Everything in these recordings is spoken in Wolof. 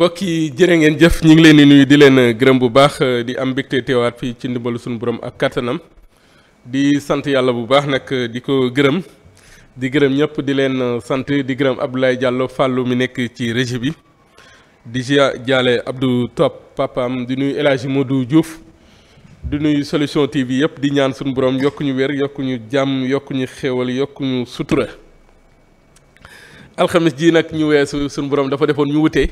mbokk yi jërë ngeen jëf ñu ngi leen di nuyu di leen gërëm bu baax di am mbégte teewaat fii ci ndimbalu suñu borom ak kattanam di sant yàlla bu baax nag di ko gërëm di gërëm ñëpp di leen sant di gërëm Abdoulaye Diallo fàllu mu nekk ci régie bi di ja jaale abdu Top papaam di nuyu El Hadji du juuf di nuyu solution TV yëpp di ñaan suñu borom yokku ñu wér yokku ñu jàmm yokku ñu xéewal yokku ñu sutura alxamis ji nag ñu weesu suñu borom dafa defoon ñu wutee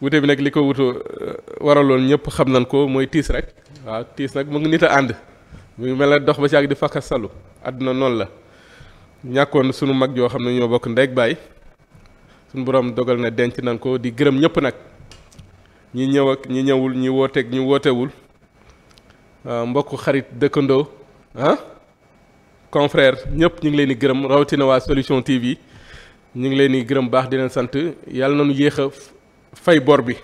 wute bi nag li ko wutu euh, waraloon ñëpp xam nañ ko mooy tiis rek waaw tiis nag mu ngi nit a ànd mu mel na dox ba ci ak di fakka salu àdduna noonu la ñàkkoon sunu mag yoo xam ne ñoo bokk ndeeg bàyyi sunu borom dogal na denc nañ ko di gërëm ñëpp nag ñi ñëw ak ñi ñëwul ñi wooteeg ñi wootewul mbokk xarit dëkkandoo ah confrère ñëpp ñu ngi leen di gërëm rawatina waa Solution TV ñu ngi leen di gërëm baax di leen sant yàlla na yéex a fay bor bi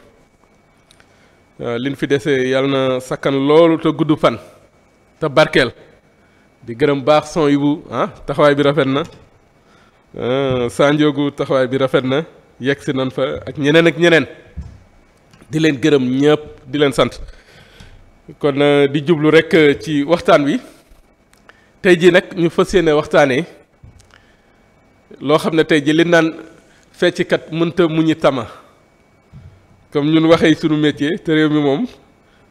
euh, liñ fi desee yàlla na sakkan loolu te gudd fan te barkeel di gërëm baax son yi bu ah, taxawaay bi rafet na euh, sandiogu taxawaay bi rafet na yegg si nan fa ak ñeneen ak ñeneen di leen gërëm ñépp di leen sant kon euh, di jublu rek ci waxtaan wi tey jii nag ñu fa yéene waxtaanee loo xam ne tey jii li naan feccikat mënta ñu tama comme ñun waxee sunu métier te réew mi moom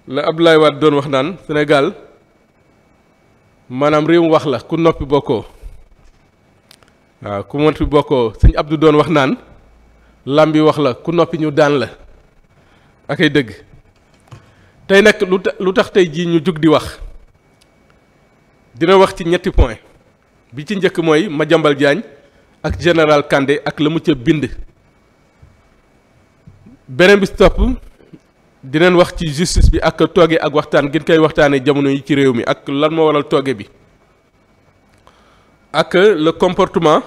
la Abdoulaye Wade doon wax naan senegal maanaam réew mu wax la ku noppi bokkoo waaw ku noppi bokkoo sëñ Abdou doon wax naan lam bi wax la ku noppi ñu daan la ak ay dëgg tey nag lu tax lu tax tey jii ñu jug di wax dina wax ci ñetti point bi ci njëkk mooy ma Madiambal Diagne ak général kànde ak la mu ca bind beneen bi si topp dinañ wax ci justice bi ak tooge ak waxtaan gin koy waxtaanee jamono yi ci réew mi ak lan moo waral tooge bi ak la comportement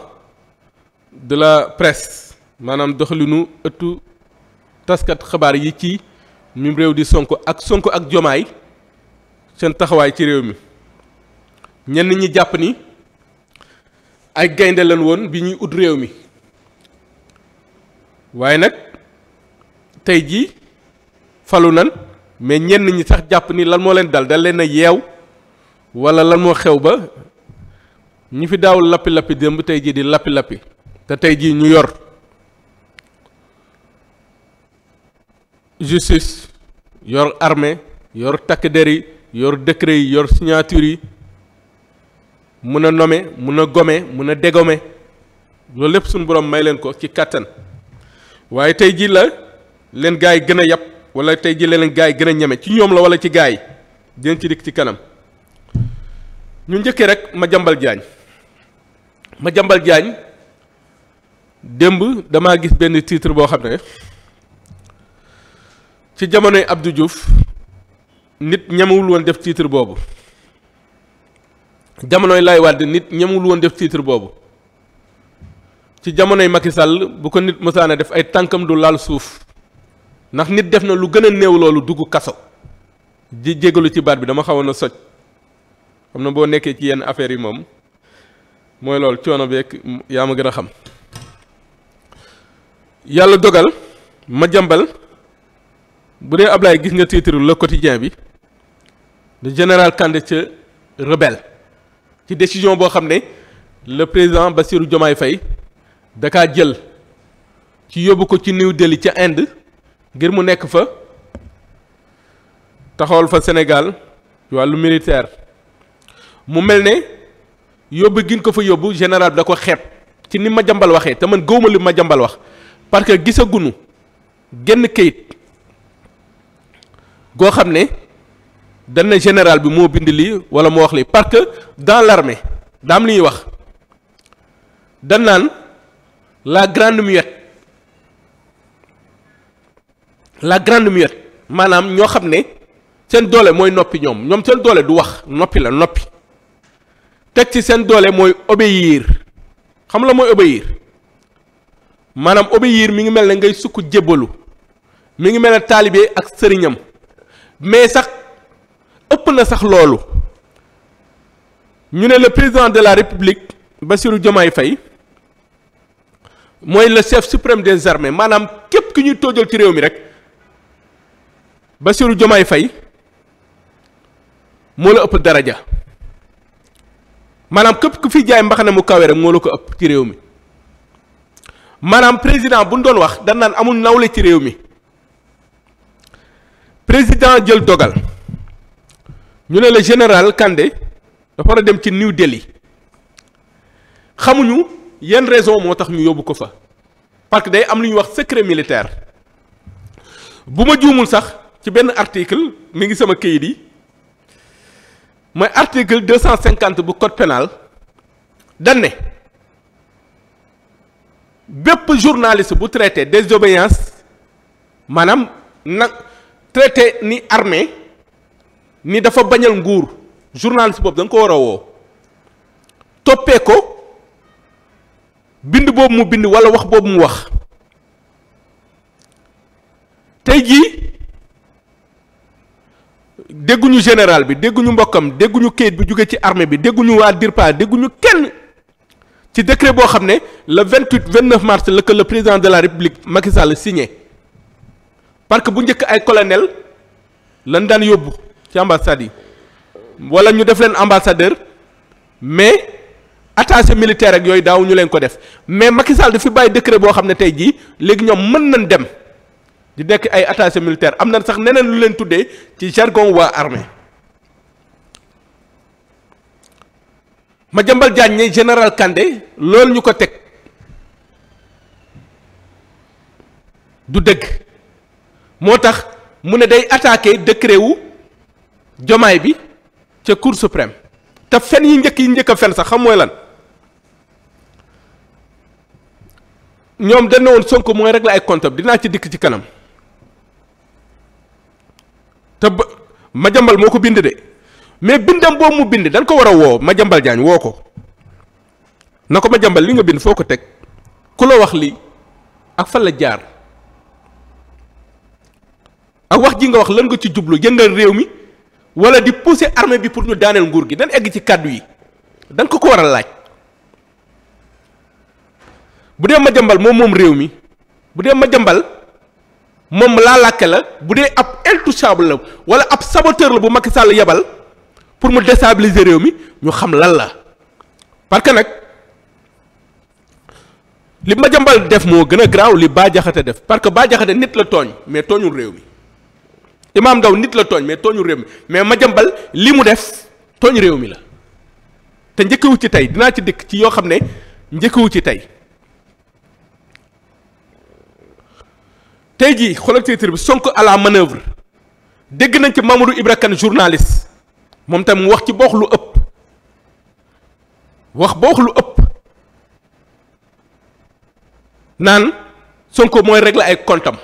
de la presse maanaam doxalinu ëttu taskat xabaar yi ci mim réew di Sonko ak Sonko ak Jomaay seen taxawaay ci réew mi ñenn ñi jàpp ni ay gaynde lañ woon bi ñuy ut réew mi waaye nag. tey jii falu nan mais ñenn ñi sax jàpp ni lan moo leen dal dal leen a yeew walla lan moo xew ba ñi fi daawul lappi lappi démb tey jii di lappi lappi te tey jii ñu yor justice yor armée yor takk der yi yor décret yi yor signature yi mun a nommer mun a gome mun a dégommer loolu lépp suñu borom may leen ko ci kàttan waaye tey jii la. leen gaa yi gën a yàpp wala tey jii leen gaa yi gën a ñeme ci ñoom la wala ci gaay yi dinañ ci dikk ci kanam ñu njëkkee rek Madiambal ma Madiambal Diagne démb damaa gis benn titre boo xam ne ci jamonoy Abdou Diouf nit ñemewul woon def titre boobu jamonoy Laye Wade nit ñemewul woon def titre boobu ci jamonoy Macky Sall bu ko nit mësaana def ay tànkam du laal suuf ndax nit def na lu gën a néew loolu dugg kaso di jégalu ci baat bi dama xawoon na soj xam na boo nekkee ci yenn affaires yi moom mooy loolu coono beeg yaa ma gën a xam yàlla dogal ma jàmbal bu dee Ablaye gis nga titre le quotidien bi le général Kandé ca rebelle ci décision boo xam ne le président Bassirou Diomaye Faye da kaa jël ci yóbbu ko ci New Delhi ca Inde ngir mu nekk fa taxawal fa Sénégal wàllu militaire mu mel ne yóbbu gin ko fa yóbbu général bi da ko xeeb ci ni ma jambal waxee te man gëwuma li ma jambal wax parce que gisagunu genn kayit goo xam ne dañ ne général bi moo bind lii wala moo wax lii parce que dans l'armée daam li ñuy wax dañ naan la grande muette la grande muette maanaam ñoo xam ne seen doole mooy noppi ñoom ñoom seen doole du wax noppi la noppi teg ci seen doole mooy obéir xam la mooy obéir maanaam obéir mi ngi mel ne ngay sukk jébbalu mi ngi mel ne taalibe ak sëriñam mais sax ëpp na sax loolu ñu ne le président de la république Bassirou Diomaye fay mooy le chef suprême des armées maanaam képp ki ñuy toojal ci réew mi rek Bassirou Diomaye fay moo la ëpp daraja maanaam képp ku fi jaay mbaxane mu kawe rek moo la ko ëpp ci réew mi maanaam président bu ñu doon wax dan naan amul nawle ci réew mi président jël dogal ñu ne la général kande dafa war a dem ci New Delhi xamuñu yenn raison moo tax ñu yóbbu ko fa parce que day am lu ñuy wax secret militaire bu ma juumul sax. ci benn article mi ngi sama kayit yi mooy article deux cent cinquante bu code pénal dañ bépp journaliste bu traité désobéissance maanaam nag traité ni armée ni dafa bañal nguur journaliste boobu da nga ko war a woo toppee ko bind boobu mu bind walla wax boobu mu wax tey jii dégguñu général bi dégguñu mbokkam dégguñu kayit bu jóge ci armée bi dégguñu waa DIRPA dégguñu kenn ci décret boo xam ne le 28 29 mars la que le président de la république Macky Sall signé parce que bu njëkk ay colonel lan daan yóbbu ci ambassade yi wala ñu def leen ambassadeur mais attaché militaire ak yooyu daaw ñu leen ko def mais Macky Sall fi bàyyi décret boo xam ne tey jii léegi ñoom mën nañ dem. di nekk ay attaché militaire am na sax neneen lu leen tuddee ci jargon waa armée Madiambal Diagne ne général Kandé loolu ñu ko teg du dëgg moo tax mu ne day attaqué décret wu jomaay bi ca cour suprême te fen yi njëkk yi njëkk a fen sax xam mooy lan ñoom dañ ne woon Sonko mooy régler ay comptes dinaa ci dikk ci kanam te ba Madiambal moo ko bind de mais bindam boobu mu bind dañ ko war a woo Madiambal Diagne woo ko na ko Madiambal li nga bind foo ko teg ku la wax li ak fan la jaar ak wax ji nga wax lan ko ci jublu yëngal réew mi wala di pousser armée bi pour ñu daaneel nguur gi dañ egg ci kàddu yi dañ ko ko war a laaj bu dee Madiambal moom moom réew mi bu dee Madiambal moom laa làkke la bu dee ab intouchable la wala ab saboteur la bu Macky Sall yebal pour mu déstabiliser réew mi ñu xam lan la parce que nag li ma jambal def moo gën a garaaw li baajaxate def parce que Bah Diakhaté nit la tooñ mais tooñul réew mi Imam Ndaw nit la tooñ mais tooñul réew mi mais ma jambal li mu def tooñ réew mi la te njëkkewu ci tey dinaa ci dikk ci yoo xam ne njëkkewu ci tey tey jii xoolal bi sonk à la manœuvre dégg nañ ci Mamadou Ibra Kane journaliste moom tam mu wax ci boox lu ëpp wax boox lu ëpp naan sonk mooy régler ay comptam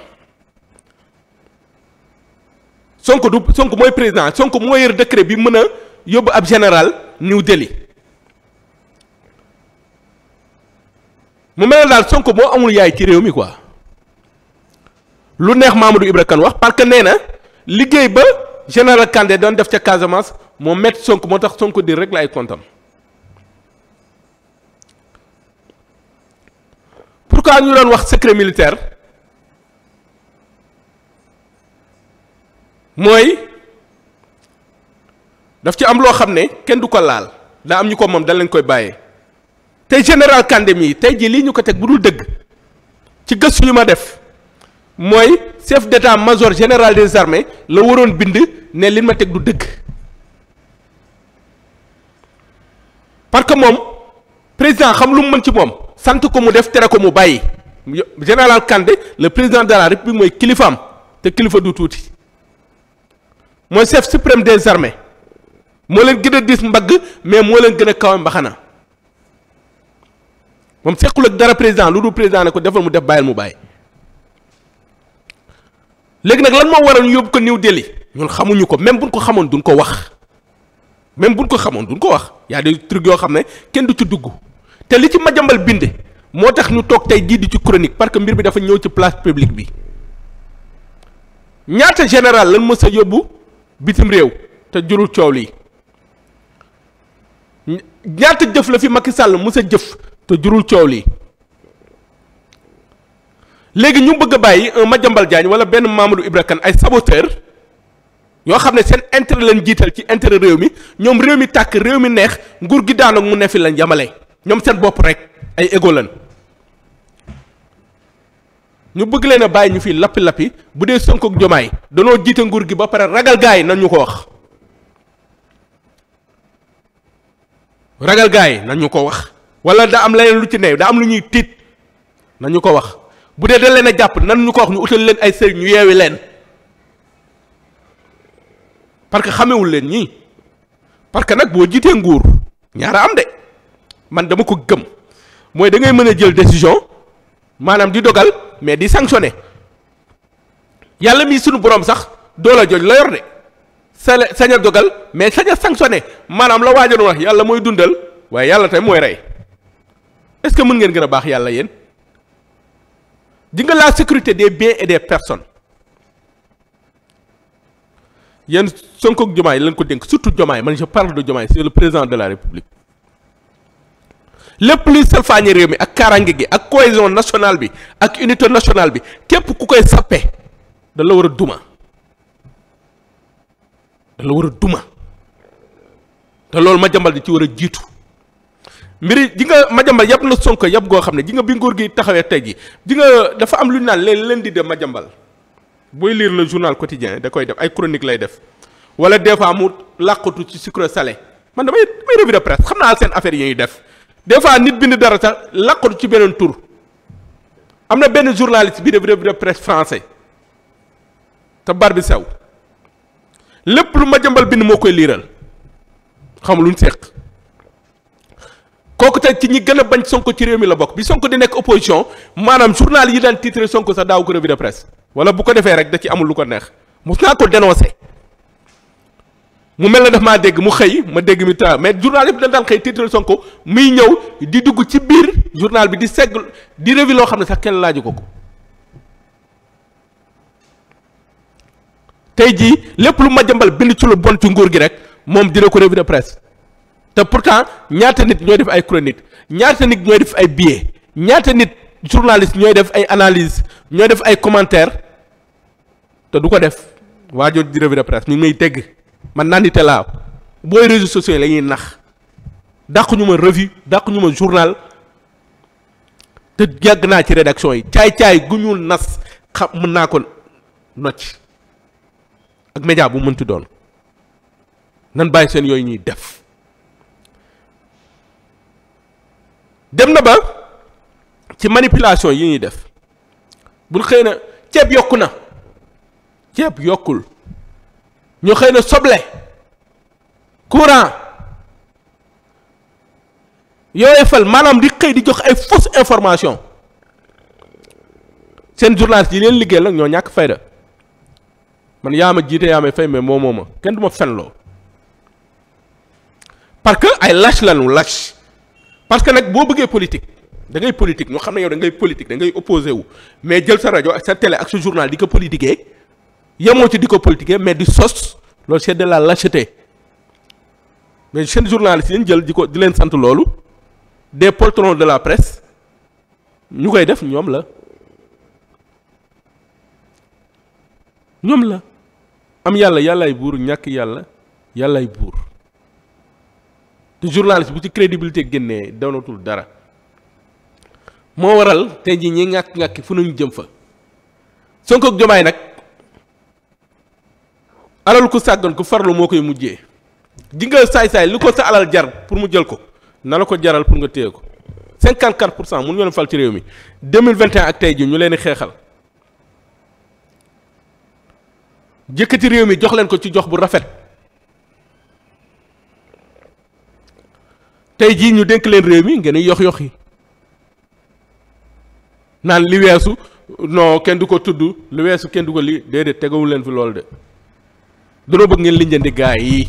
Sonko du Sonko mooy président sonk mooy yër décret bi mën a yóbbu ab général New Delhi mu mel ne daal Sonko moo amul yaay ci réew mi quoi. lu neex Mamadou Ibra Kane wax parce que nee na liggéey ba général Kandé doon def ca Casamance moo met Sonko moo tax Sonko di rek la ay kontam pourquoi ñu doon wax secret militaire mooy daf ci am loo xam ne kenn du ko laal daa am ñu ko moom da leen koy bàyyee te général Kandé mii tey jii lii ñu ko teg bu dul dëgg ci gëstu yu ma def. mooy chef d'état-major général des armées la waroon bind ne li ma teg du dëgg parce que moom président xam lu mu mën ci moom sant ko mu def tere ko mu bàyyi général kande le président de la république mooy kilifaam te kilifa du tuuti mooy chef suprême des armées moo leen gën a diis mbagg mais moo leen gën a kaw mbaxana moom sequl ak dara président lu dul président ne ko defal mu def bàyyil mu bàyyi. léegi nag lan moo waral yóbbu ko New Delhi ñun xamuñu ko même buñ ko xamoon duñ ko wax même buñ ko xamoon duñ ko wax y a des yoo xam ne kenn du ci dugg te li ci Madiambal bind moo tax ñu toog tey jii di ci chronique parce que mbir bi dafa ñëw ci place publique bi ñaata général lan mës a yóbbu bitim réew te jurul coow lii ñaata jëf la fi Macky Sall mës jëf te jurul coow lii léegi ñu bëgg a bàyyi ma jambal jaañ wala benn Mamadou Ibra Kane ay saboteur yoo xam ne seen intérêt leen jiital ci intérêt réew mi ñoom réew mi tàkk réew mi neex nguur gi daanoog mu nefi lañ jamale ñoom seen bopp rek ay égo lañ ñu bëgg leen bàyyi ñu fi lappi-lappi bu dee Sonko ak Jomaay danoo jiite nguur gi ba pare ragal gaay nan ñu ko wax ragal gaay na ñu ko wax wala da am leneen lu ci neew daa am lu ñuy tiit nañu ko wax bu dee da leen a jàpp nan ñu ko wax ñu utal leen ay sëriñ ñu yeewi leen parce que xamewul leen ñii parce que nag boo jiitee nguur ñaar a am de man dama ko gëm mooy da ngay mën a jël décision maanaam di dogal mais di sanctionner yàlla mii suñu borom sax doola jooj la yor de sa sañ dogal mais sañ a sanctionner maanaam la waajoon wax yàlla mooy dundal waaye yàlla tamit mooy rey est-ce que mën ngeen gën a baax yàlla yéen. di nga sécurité des biens et des personnes yéen Sonko ak Diomaye lañ ko dénk surtout Diomaye man je parle de Diomaye c'est le président de la République lépp luy salfaañe réew mi ak kaaraange gi ak cohésion nationale bi ak unité nationale bi képp ku koy sappe dala la war a duma da la war a duma te loolu ma jambal di ci war a jiitu mbiri ji nga Madiambal yàpp na Sonko yàpp goo xam ne ji nga bi nguur gi taxawee tey ji ji nga dafa am lu ñu naan les lundis de Madiambal booy lire le journal quotidien da koy def ay chronique lay def wala des fois mu làqatu ci sucre sale man damay damay revue de presse xam naa seen affaire yi ñuy def des fois nit bind dara sax làqatu ci beneen tur am na benn journaliste bi def revue de presse français te bar bi sew lépp lu Madiambal bind moo koy liiral xam luñ seq. kooku tey ci ñi gën a bañ Sonko ci réew mi la bokk bi Sonko di nekk opposition maanaam journal yi daan titre Sonko sax daaw ko revue de presse wala bu ko defee rek da ci amul lu ko neex mos naa ko dénoncé mu mel na daf maa dégg mu xëy ma dégg mi mais journal yëpp dañ daan xëy titre Sonko muy ñëw di dugg ci biir journal bi di segg di revue loo xam ne sax kenn laaju ko ko tey jii lépp lu ma jëmbal bind ci lu bon ci nguur gi rek moom dina ko revue de presse te pourtant ñaata nit ñooy def ay chronique ñaata nit ñooy def ay bie ñaata nit journaliste ñooy def ay analyse ñooy def ay commentaire te du ko def waa jooju di revue de presse ñu ngi may dégg man naan te laaw booy réseaux sociaux yi la ñuy nax dàq ñu ma revue dàq ñu ma journal te jàgg naa ci rédaction yi caay-caay gu ñuul nas xam mën naa ko nocc ak média bu mënti doon nan bàyyi seen yooyu ñuy def dem na ba ci manipulation yi ñuy def bu xëy na ceeb yokku na ceeb yokkul ñu xëy na soble courant yooyu fal maanaam di xëy di jox ay fausse information seen journaliste yi leen liggéey la ñoo ñàkk fayda man yaa ma jiite yaa may fay mais moo moom ma kenn du ma fenloo parce que ay lâche lanu lâche parce que nag boo bëggee politique da ngay politique xam ne yow da ngay politique da ngay opposé wu mais jël sa rajo ak sa télé ak sa journal di ko politiquer yemoo ci di ko politiquer mais di sos loolu c'est de la lâcheté mais seen journaliste yi jël di ko di leen sant loolu des poltrons de la presse ñu koy def ñoom la ñoom la am yàlla yàllaay buur ñàkk yàlla yàllaay buur te journaliste bu ci crédibilité génnee doonatul dara moo waral tey jii ñi ngàkk ngàkk fu nañu jëm fa Sonko ak Jomaay nag alal ko sàggan ku farlu moo koy mujjee jingal saay-saay lu ko sa alal jar pour mu jël ko na la ko jaral pour nga téye ko 54 pour cent mun nga fal ci réew mi 2021 ak tey jii ñu leen di xeexal jëkkati réew mi jox leen ko ci jox bu rafet tey jii ñu dénk leen réew mi ngeen yox yox yi naan li weesu non kenn du ko tudd li weesu kenn du ko li déedéet tegawul leen fi loolu de danoo bëgg ngeen lijjanti gaa yi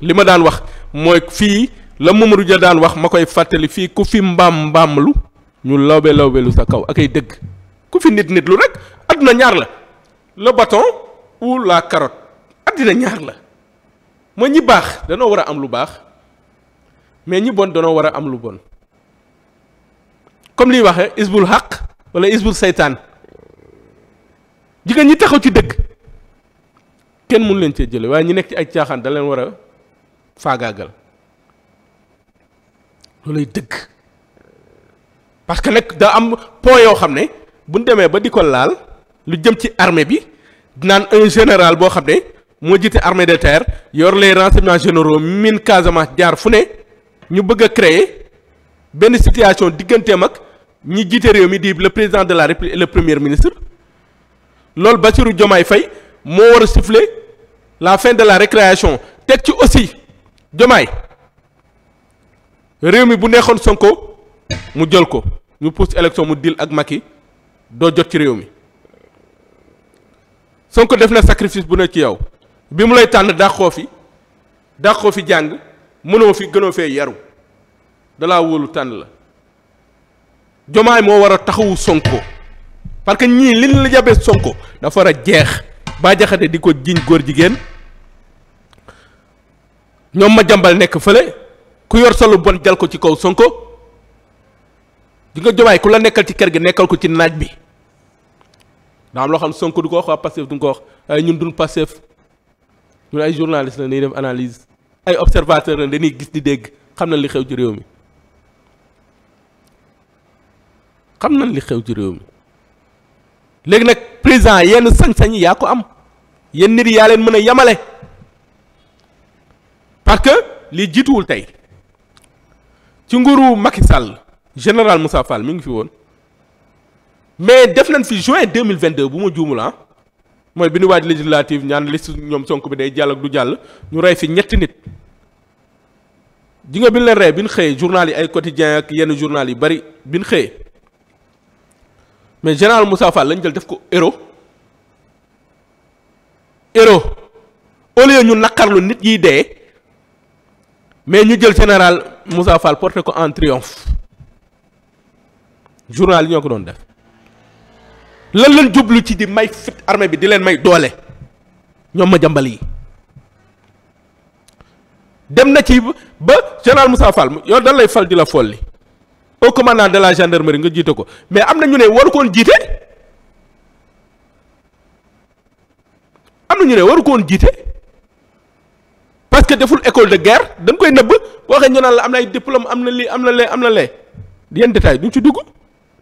li ma daan wax mooy fii la Mamadou Dia daan wax ma koy fàttali fii ku fi mbaam mbaam lu ñu lawbe lawbe lu sa kaw ak ay dëgg ku fi nit nit lu rek àdduna ñaar la le bâton ou la carotte àddina ñaar la ma ñi baax danoo war a am lu baax mais ñi bon danoo war a am lu bon comme liy waxee isbul xaq wala isbul seytaan jigéen ñi taxaw ci dëgg kenn mun leen cee jële waaye ñi nekk ci ay caaxaan da leen war a faagaagal loolay dëgg parce que nag da am point yoo xam ne buñ demee ba di ko laal lu jëm ci armée bi dinaan un général boo xam ne moo jiite armée de terre yor les renseignements généraux min Casamance jaar fu ne ñu bëgg a créer benn situation digganteem ak ñi jiite réew mi di le président de la république et le premier ministre loolu Bassirou Diomaye Faye moo war a la fin de la récréation teg ci aussi Diomaye réew mi bu neexoon Sonko mu jël ko ñu pousse élection mu dil ak Macky doo jot ci réew mi Sonko def na sacrifice bu ne ci yow bi mu lay tànn dàqoo fi dàqoo fi jàng mënoo fi gënoo fee yaru dalaa wóolu tànn la jomaay moo war a taxawu sonko parce que ñii liñ la jàppee sonko dafa war a jeex baa jaxate di ko jiñ góor jigéen ñoom ma jambal nekk fële ku yor sa lu bon jal ko ci kaw sonko di nga jomaay ku la nekkal ci kër gi nekkal ko ci naaj bi daa loo xam sonko du ko wax waa Pastef du ko wax waaye ñun duñ Pastef ñun ay journaliste la ñuy def analyse ay observateur la dañuy gis di dégg xam na li xew ci réew mi xam na li xew ci réew mi léegi nag président yenn sañ-sañ yaa ko am yenn nit yaa leen mën a yamale parce que li jiituwul tey ci nguuru Macky sàll général Moussa Fall mi ngi fi woon mais def na fi juin deux mille vingt deux bu ma juumul ah, mooy bi ñu waaj législative ñaan liste ñoom Sonko bi day jàll ak du jàll ñu rey fi ñetti nit. ji nga bi ñu leen ree bi nu xëyee journal yi ay quotidien ak yenn journal yu bari bi nu xëyee mais général Moussa Fall lañ jël def ko héros héros au lieu ñu naqarlu nit yiy dee mais ñu jël général Moussa Fall porté ko en triomphe journal yi ñoo ko doon def lan lañ jublu ci di may fit armée bi di leen may doole ñoom ma jàmbal yi dem na ci ba général Moussa Fall yow dan lay fal di la folli au commandant de la gendarmerie nga jiite ko mais am na ñu ne waru koon jiite am na ñu ne waru koon jiite parce que deful école de guerre dañ koy nëbb boo xee ñu naan la am na ay diplôme am na lii am na lee am na lee yenn détail duñ ci dugg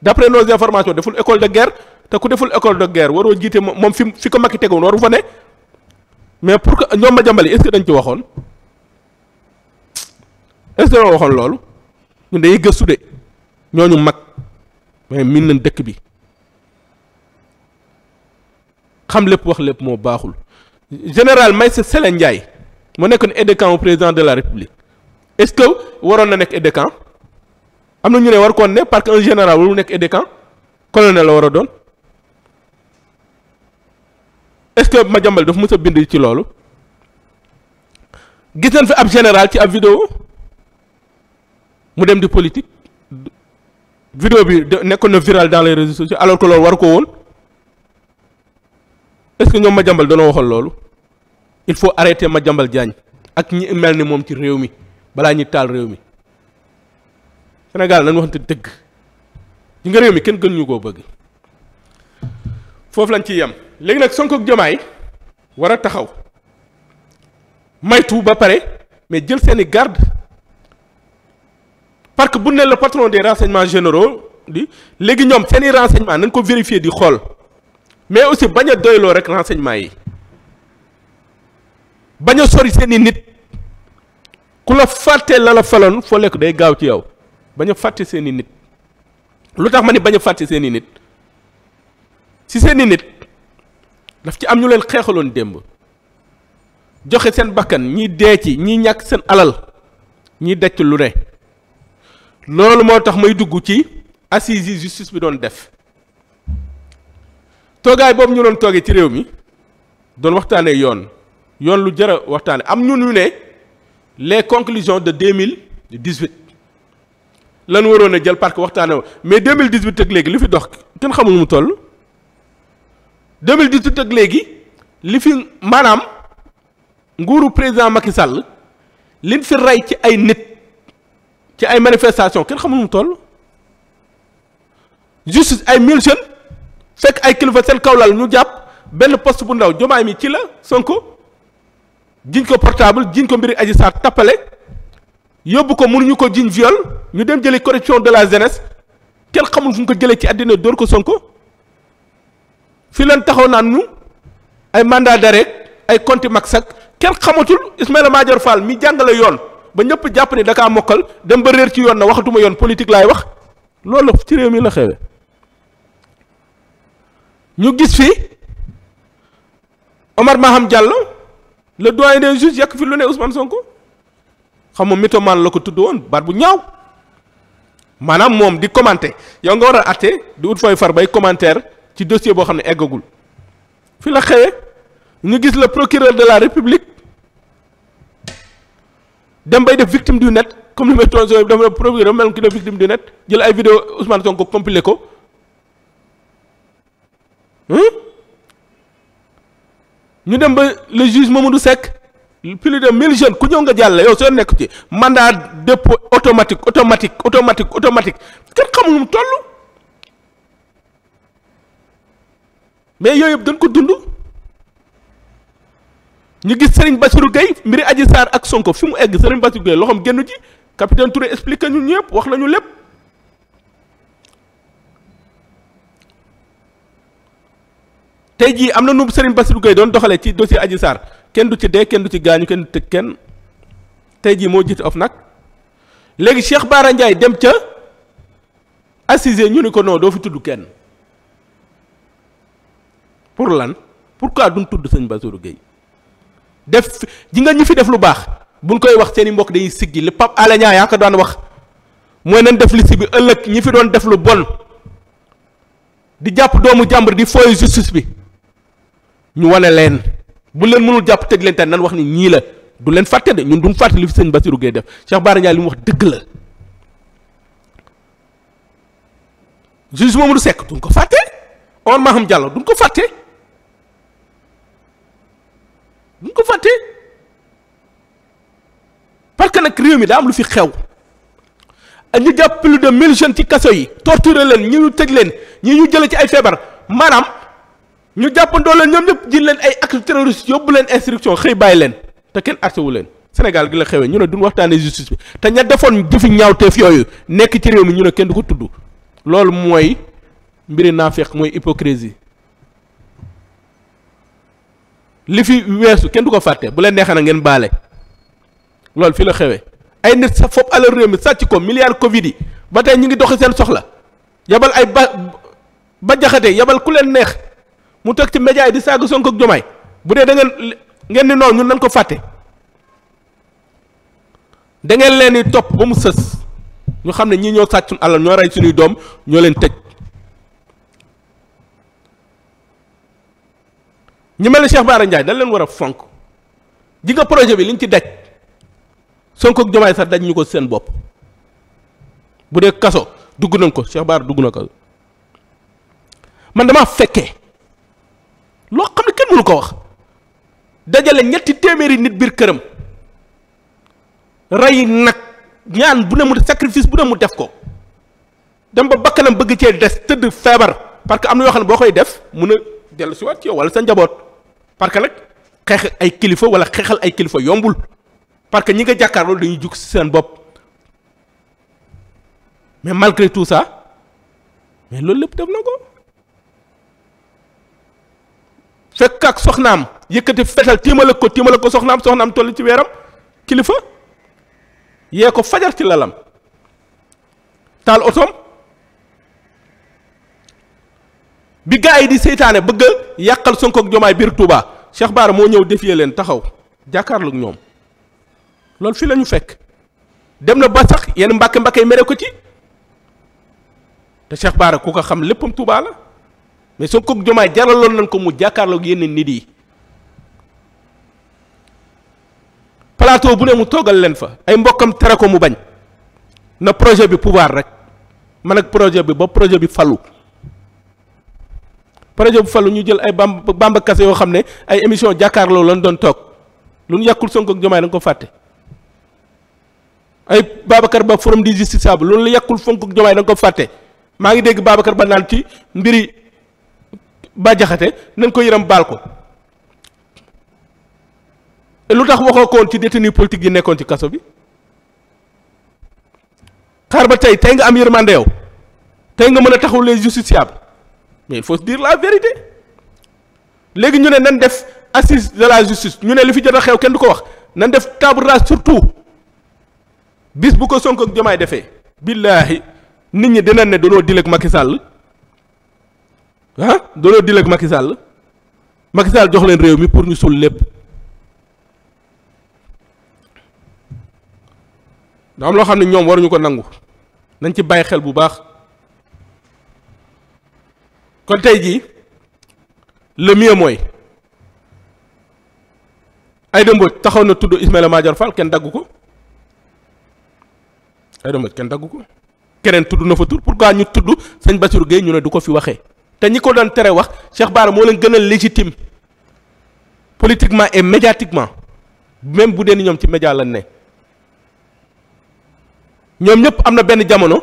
d'après nos informations deful école de guerre te ku deful école de guerre waroo jiite moom fi fi ko makki tegoon waru fa ne mais pour que ñoom ma jàmbali est-ce dañ ci waxoon est-ce que waxoon loolu ñun day gëstu de ñooñu mag mais miin nañ dëkk bi xam lépp wax lépp moo baaxul général Meïssa Sélé Ndiaye mu nekk nekkoon aide de camp président de la république est-ce que waroon na nekk aide de camp am na ñu ne war kon ne parce que un général warul nekk aide de camp colonel la war a doon est-ce que jàmbal dafa mës a bind ci loolu gis nañ fi ab général ci ab vidéo mu dem di politique vidéo bi de nekkoon na viral dans les réseaux sociaux alors que loolu war ko woon est-ce que ñoom Madiambal danoo waxoon loolu il faut ma jàmbal Diagne ak ñi mel ni moom ci réew mi balaa ñuy taal réew mi Sénégal nañ waxante dëgg ñi nga réew mi kenn gën ñu koo bëgg foofu lañ ci yem léegi nag Sonko ak Diomaye war a taxaw maytu ba pare mais jël seeni garde parce que bu ne le patron des renseignements généraux di léegi ñoom seen i nañ ko vérifier di xool mais aussi bañ a doyloo rek renseignement yi bañ a sori seeni nit ku la fàttee la la foo lekk day gaaw ci yow bañ fàtte seen i nit lu tax ma ni bañ a fàtte seen i nit si seen i nit daf ci am ñu leen xeexaloon démb joxe seen bakkan ñi dee ci ñi ñàkk seen alal ñi decc lu ne loolu moo tax may dugg ci assises yi justice bi doon def toogaay boobu ñu doon toogee ci réew mi doon waxtaanee yoon yoon lu jëra waxtaane am ñun ñu ne les conclusions de deux mille dix-huit lan waroon a jël parce que waxtaane mais deux mille dix-huit ak léegi li fi dox kenn xamul mu toll deux mille dix ak léegi li fi maanaam nguuru président Macky Sall liñ fi rey ci ay nit ci ay manifestation kenn xamul tool toll ay mille jeunes fekk ay kilifa seen kawlal ñu jàpp benn post bu ndaw jomaay mi ci la Sonko jiñ ko portable jiñ ko mbiri Adji Sarr tappale yóbbu ko mënuñu ko jiñ viol ñu dem jëlee corruption de la jeunesse kenn xamul fu ñu ko jëlee ci àddina dóor ko Sonko fi leen taxaw naan ñu ay mandat d'arrêt ay compte max ak kenn xamatul Ismaïla Madior Fall mi jàngale yoon ba ñëpp jàpp ni dakaa mokkal dem ba réer ci yoon na waxatuma yoon politique laay wax loolu ci réew mi la xewe ñu gis fi Omar xam jàll le doyen de juges yàq fi lu ne Ousmane Sonko xam nga mythomane la ko tudd woon baat bu ñaaw maanaam moom di commenter yow nga war a àtte di ut fooy far bay commentaire ci dossier boo xam ne eggagul fii la xëyee ñu gis la procureur de la république dem bay def victime du net comme li may toon so dafa provi dafa mel ni ki def victime du net jël ay vidéo Ousmane Sonko compilé ko hmm? ñu dem ba le juge Mamadou sekk plus de mille jeunes ku ñëw nga jàll yow soo nekk ci mandat dépôt automatique automatique automatique automatique kenn xamul mu toll mais yooyu yëpp dañ ko dund ñu gis Serigne Bassirou Gueye mbiri Adji Sarr ak Sonko fi mu egg Serigne Bassirou Gueye loxoom génn ji capitaine Touré expliqué ñun ñëpp wax nañu lépp tey jii am na nu Serigne Bassirou Gueye doon doxalee ci dossier Adji Sarr kenn du ci dee kenn du ci gaañu kenn du tëj kenn tey jii moo jiite of nag léegi Cheikh Bara Ndiaye dem ca assise ñu ni ko non doo fi tudd kenn pour lan pourquoi duñ tudd sëñ Bassirou Gueye def ji nga ñu fi def lu baax buñ koy wax seen mbokk dañuy siggi li Pape Alé Niang yaa ko daan wax mooy nañ def li si bi ëllëg ñi fi doon def lu bon di jàpp doomu jàmbur di fooy justice bi ñu wane leen bu leen mënul jàpp tëj leen te nan wax ni ñii la du leen fàtte de ñun duñ fàtte li fi sëñ Bassirou Gueye def Cheikh Bara Ndiaye li mu wax dëgg la juge Mamadou Seck duñ ko fàtte Omar Maham Diallo duñ ko fàtte bu ñu ko fàtte parce que nag réew mi daa am lu fi xew ñu jàpp plus de mille jeunes ci kaso yi torturer leen ñi ñu tëj leen ñi ñu jëlee ci ay feebar maanaam ñu jàppandoo leen ñoom ñëpp jël leen ay actes terroristes yóbbu leen instruction xëy bàyyi leen te kenn arrêté wu leen Sénégal gi la xewee ñu ne duñ waxtaanee justice bi te ña defoon jëfi ñaawteef yooyu nekk ci réew mi ñu ne kenn du ko tudd loolu mooy mbiri naafeq mooy hypocrisie li fi weesu kenn du ko fàtte bu leen neexee na ngeen baale loolu fii la xewee ay nit sa fopp alal réew mi sàcc ko milliard Covid yi ba tey ñu ngi doxi seen soxla yabal ay ba ba yabal ku leen neex mu toog ci média yi di saaga Sonko ak Diomaye bu dee da ngeen ngeen ni noonu ñun nañ ko fàtte dangeen leen di topp ba mu sës ñu xam ne ñii ñoo sàcc suñu alal ñoo rey suñuy doom ñoo leen tëj. ñu mel ne Cheikh Bara Ndiaye dañ leen war a fonk ji nga projet bi liñ ci daj Sonko ak Jomaay sax daj ñu ko seen bopp bu dee kaso dugg nañ ko Cheikh dugg na ko man dama fekkee loo xam ne kenn mënu ko wax dajale ñetti téeméeri nit biir këram rey nag ñaan bu ne mu sacrifice bu ne mu def ko dem ba bakkanam bëgg cee des tëdd feebar parce que am na yoo xam ne boo koy def mun a dellu si waat ci yow wala sa njaboot parce que nag xeex ay kilifa wala xeexal ay kilifa yombul parce que ñi nga jàkkaarloo dañuy jug si seen bopp mais malgré tout mais loolu lépp def na ko fekk ak soxnaam yëkkati fetal tiimale ko tiimale ko soxnaam soxnaam toll ci weeram kilifa yee ko fajar ci lalam taal otoom. bi gars yi di seytaane bëgg a yàqal Sonko ak Jomaay biir Touba Cheikh Bara moo ñëw défier leen taxaw jàkkaarloog ñoom loolu fii la ñu fekk dem na ba sax yenn mbàkke mbàkke yi mere ko ci te Cheikh ku ko xam léppam Touba la mais Sonko ak Jomaay jaraloon nañ ko mu jàkkaarloog yenn nit yi palaatoo bu ne mu toogal leen fa ay mbokkam tere ko mu bañ na projet bi poubaar rek man ak projet bi ba projet bi falu rajo bu falu ñu jël ay bamb bamba kase yoo xam ne ay émission jàkkaarloo lañ doon toog lu ñu yàqul Sonko ak Jomaay da ko fàtte ay Babacar Ba forum di justiciable loolu la yàkkul Sonko ak Jomaay da nga ko fàtte maa ngi dégg Babacar Ba naan ci mbiri Bah nañ ko yaram baal ko lu tax waxoo ko woon ci détenu politique yi nekkoon ci kaso bi xaar ba tey tey nga am yërmande yow tey nga mën a taxaw les justiciables mais il faut la vérité léegi ñu ne nan def assise de la justice ñu ne li fi jot a xew kenn du ko wax nañ def table rase surtout bis bu ko Sonko ak Diomaye defee. billaahi nit ñi dinañ ne danoo dil ak Macky Sall ah danoo dil ak jox leen réew mi pour ñu suul lépp da am loo xam ne ñoom waruñu ko nangu nañ ci bàyyi xel bu baax. kon tey jii le mooy ay Mbodj taxaw na tudd Ismaïla Madior Fall kenn dagg ko Aïda Mbodj kenn dagg ko keneen tudd na fa tur pourquoi ñu tudd sëñ Bassirou Gueye ñu ne du ko fi waxee te ñi ko daan tere wax Cheikh Bara moo leen gën a légitime politiquement et médiatiquement même bu dee ni ñoom ci média lañ ne ñoom ñëpp am na benn jamono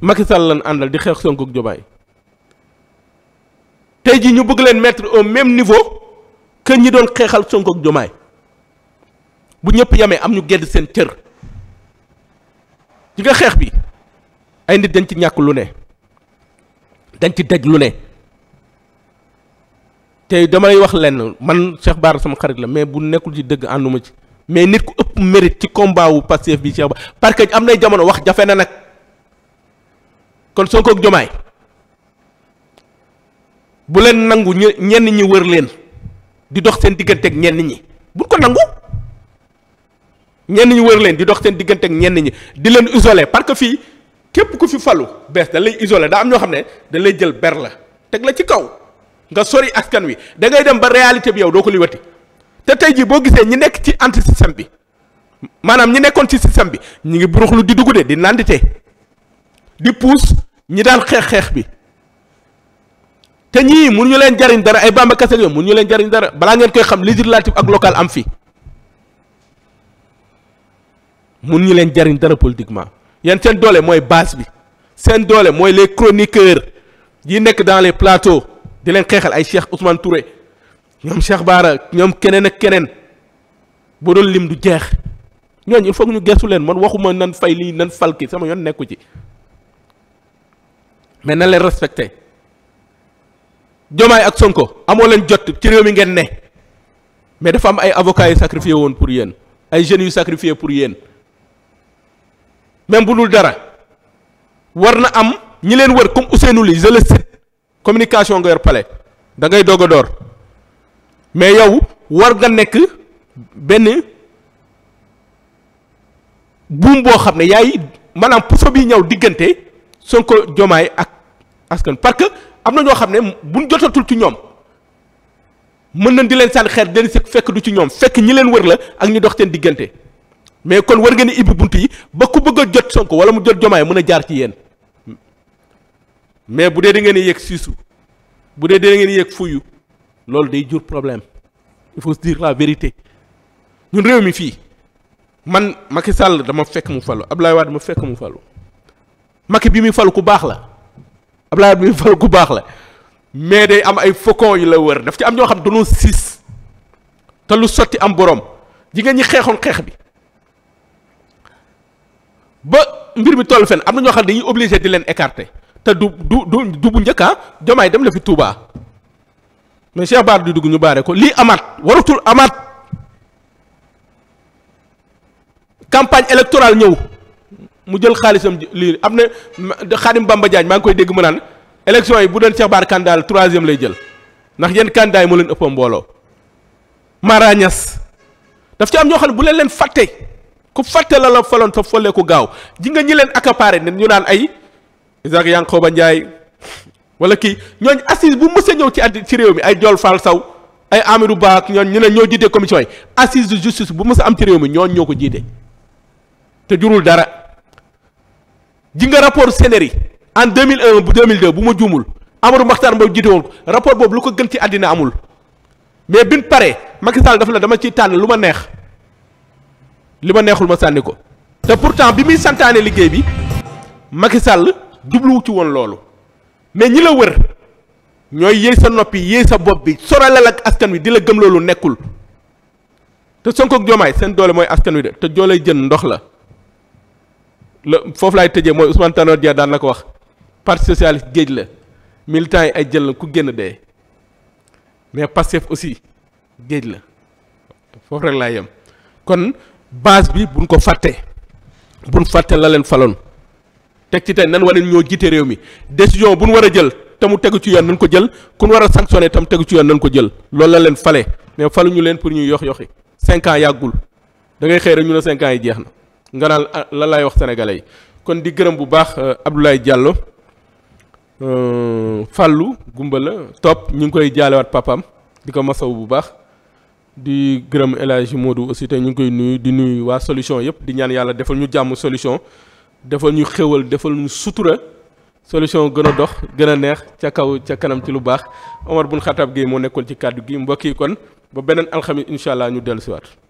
Macky Sall lañ àndal di xeex Sonko ak Diomaye tey ji ñu bëgg leen mettre au même niveau que ñi doon xeexal Sonko ak Jomaay bu ñëpp yamee am ñu gedd seen cër ci nga xeex bi ay nit dañ ci ñàkk lu ne dañ ci daj lu ne te damay wax lenn man Cheikh baar sama xarit la mais bu nekkul ci dëgg ànduma ci mais nit ku ëpp mérite ci combat wu Pastef bi Cheikh Bara parce que am nay jamono wax jafe na nag kon Sonko Jomaay bu leen nangu ñu ñenn ñi wër leen di dox seen digganteeg ñenn ñi buñ ko nangu ñenn ñi wër leen di dox seen digganteeg ñenn ñi di leen isolé parce que fii képp ku fi falu bees da lay isolé daa am ñoo xam ne da lay jël ber la teg la ci kaw nga sori askan wi da ngay dem ba réalité bi yow doo ko liwati te tey jii boo gisee ñi nekk ci anti système bi maanaam ñi nekkoon ci système bi ñu ngi buruxlu di dugg de di nandite di puus ñi daal xeex xeex bi. te ñii mu ñu leen jariñ dara ay Bamba Kassé yooyu mun ñu leen jariñ dara balaa ngeen koy xam législative ak local am fi mun ñu leen jariñ dara politiquement yéen seen doole mooy baas bi seen doole mooy les chroniqueurs yi nekk dans les plateaux di leen xeexal ay Cheikh Ousmane Touré ñoom Cheikh Baara ñoom keneen ak keneen bu doon lim du jeex ñooñu il faut ñu gestu leen man waxuma nan fay lii nan fal sama yoon nekku ci mais na leen respecte Diomaye ak Sonko amoo leen jot ci réew mi ngeen ne mais dafa am ay avocats yu sacrifié woon pour yéen ay jeunes yu sacrifié pour yéen même bu dul dara war na am ñi leen war comme Ousseynou li je le cite communication nga yor palais da ngay doog a door mais yow war nga nekk benn buum boo xam ne yaay maanaam puso bi ñëw diggante Sonko Diomaye ak askan parce que. am na ñoo xam ne buñ jotatul ci ñoom mën nañ di leen sànni xeer di leen fekk du ci ñoom fekk ñi leen wër la ak ñu dox seen diggante mais kon war ngeen ni ibbi bunt yi ba ku bëgg a jot Sonko wala mu jot Jomaay mën a jaar ci yéen mais bu dee da ngeen yéeg siisu bu dee da ngeen yéeg fuyu loolu day jur problème il faut diir la vérité ñun réew mi fii man Macky Sall dama fekk mu falu Abdoulaye Wade dama fekk mu falu Macky bi muy falu ku baax la. Abdoulaye bi fal ku baax la mais day am ay faucon yu la wër daf ci am ñoo xam dañoo siis te lu sotti am boroom jigéen ñi xeexoon xeex bi ba mbir mi toll fenn am na ñoo xam dañuy obligé di leen écarter te du du du du bu njëkkaa ah, jomaay dem la fi Touba mais Cheikh Bara di dugg ñu baare ko lii amaat warutul amaat campagne électorale ñëw mu jël xaalisam lii am na Xaadim Bamba Diagne maa ngi koy dégg mu naan élection yi bu deen Cheikh Bara candidat la troisième lay jël ndax yenn candidat yi moo leen ëpp mbooloo Mara Niass daf ci am ñoo xam ne bu leen leen fàtte ku fàtte la la faloon fa folee ku gaaw ji nga ñi leen accaparé ne ñu naan ay Isaac Yankoba Ndiaye wala kii ñooñ assise bu mës a ñëw ci addi ci réew mi ay Jol Fall Saw ay Amadou Ba ak ñooñ ñu ne ñoo jiite commission yi assise de justice bu mës a am ci réew mi ñooñ ñoo ko jiite te ji nga rapport CNRI en 2001 bu 2002 bu ma juumul Amadou Mahtar Mbow jiite woon ko rapport boobu lu ko gën ci àddina amul mais bin pare Macky Sall dafa la dama ciy tànn lu ma neex li ma neexul ma sànni ko te pourtant bi muy santaane liggéey bi Macky Sall jubluwu ci woon loolu mais ñi la wër ñooy yéey sa noppi yéey sa bopp bi soralal ak askan wi di la gëm loolu nekkul te Sonko ak Diomaye seen doole mooy askan wi de te joolay jën ndox la la foofu laay tëjee mooy Ousmane Tanor Dieng daan na ko wax parti socialiste géej la militants yi ay jël la ku génn dee mais Pastef aussi géej la foofu rek laay yem kon base bi buñ ko fàtte nu fàtte la leen faloon teg ci tey nan wala ñoo jiite réew mi décision bu nu war a jël te mu tegu ci yoon nañ ko jël ku nu war a sanctionné tam tegu ci yoon nañ ko jël loolu la leen fale mais ñu leen pour ñu yox yoxi cinq ans yàggul dangay ngay xëy rek ñu ne cinq yi jeex na. nga naan ah, lan laay wax sénégalais yi kon di gërëm bu baax euh, Abdoulaye Diallo euh, fàllu Gumba la topp ñu ngi koy jaalewaat papam di ko masaw bu baax di gërëm El moo du aussi te ñu ngi koy nuyu di nuyu waa solution yëpp di ñaan yàlla defal ñu jàmm solution defal ñu xéwal defal ñu sutura solution gën a dox gën a neex ca kaw ca kanam ci lu baax Omar bun Xataab Gueye moo nekkoon ci kàddu gi mbokk yi kon ba beneen alxamis incha allah ñu dellu siwaat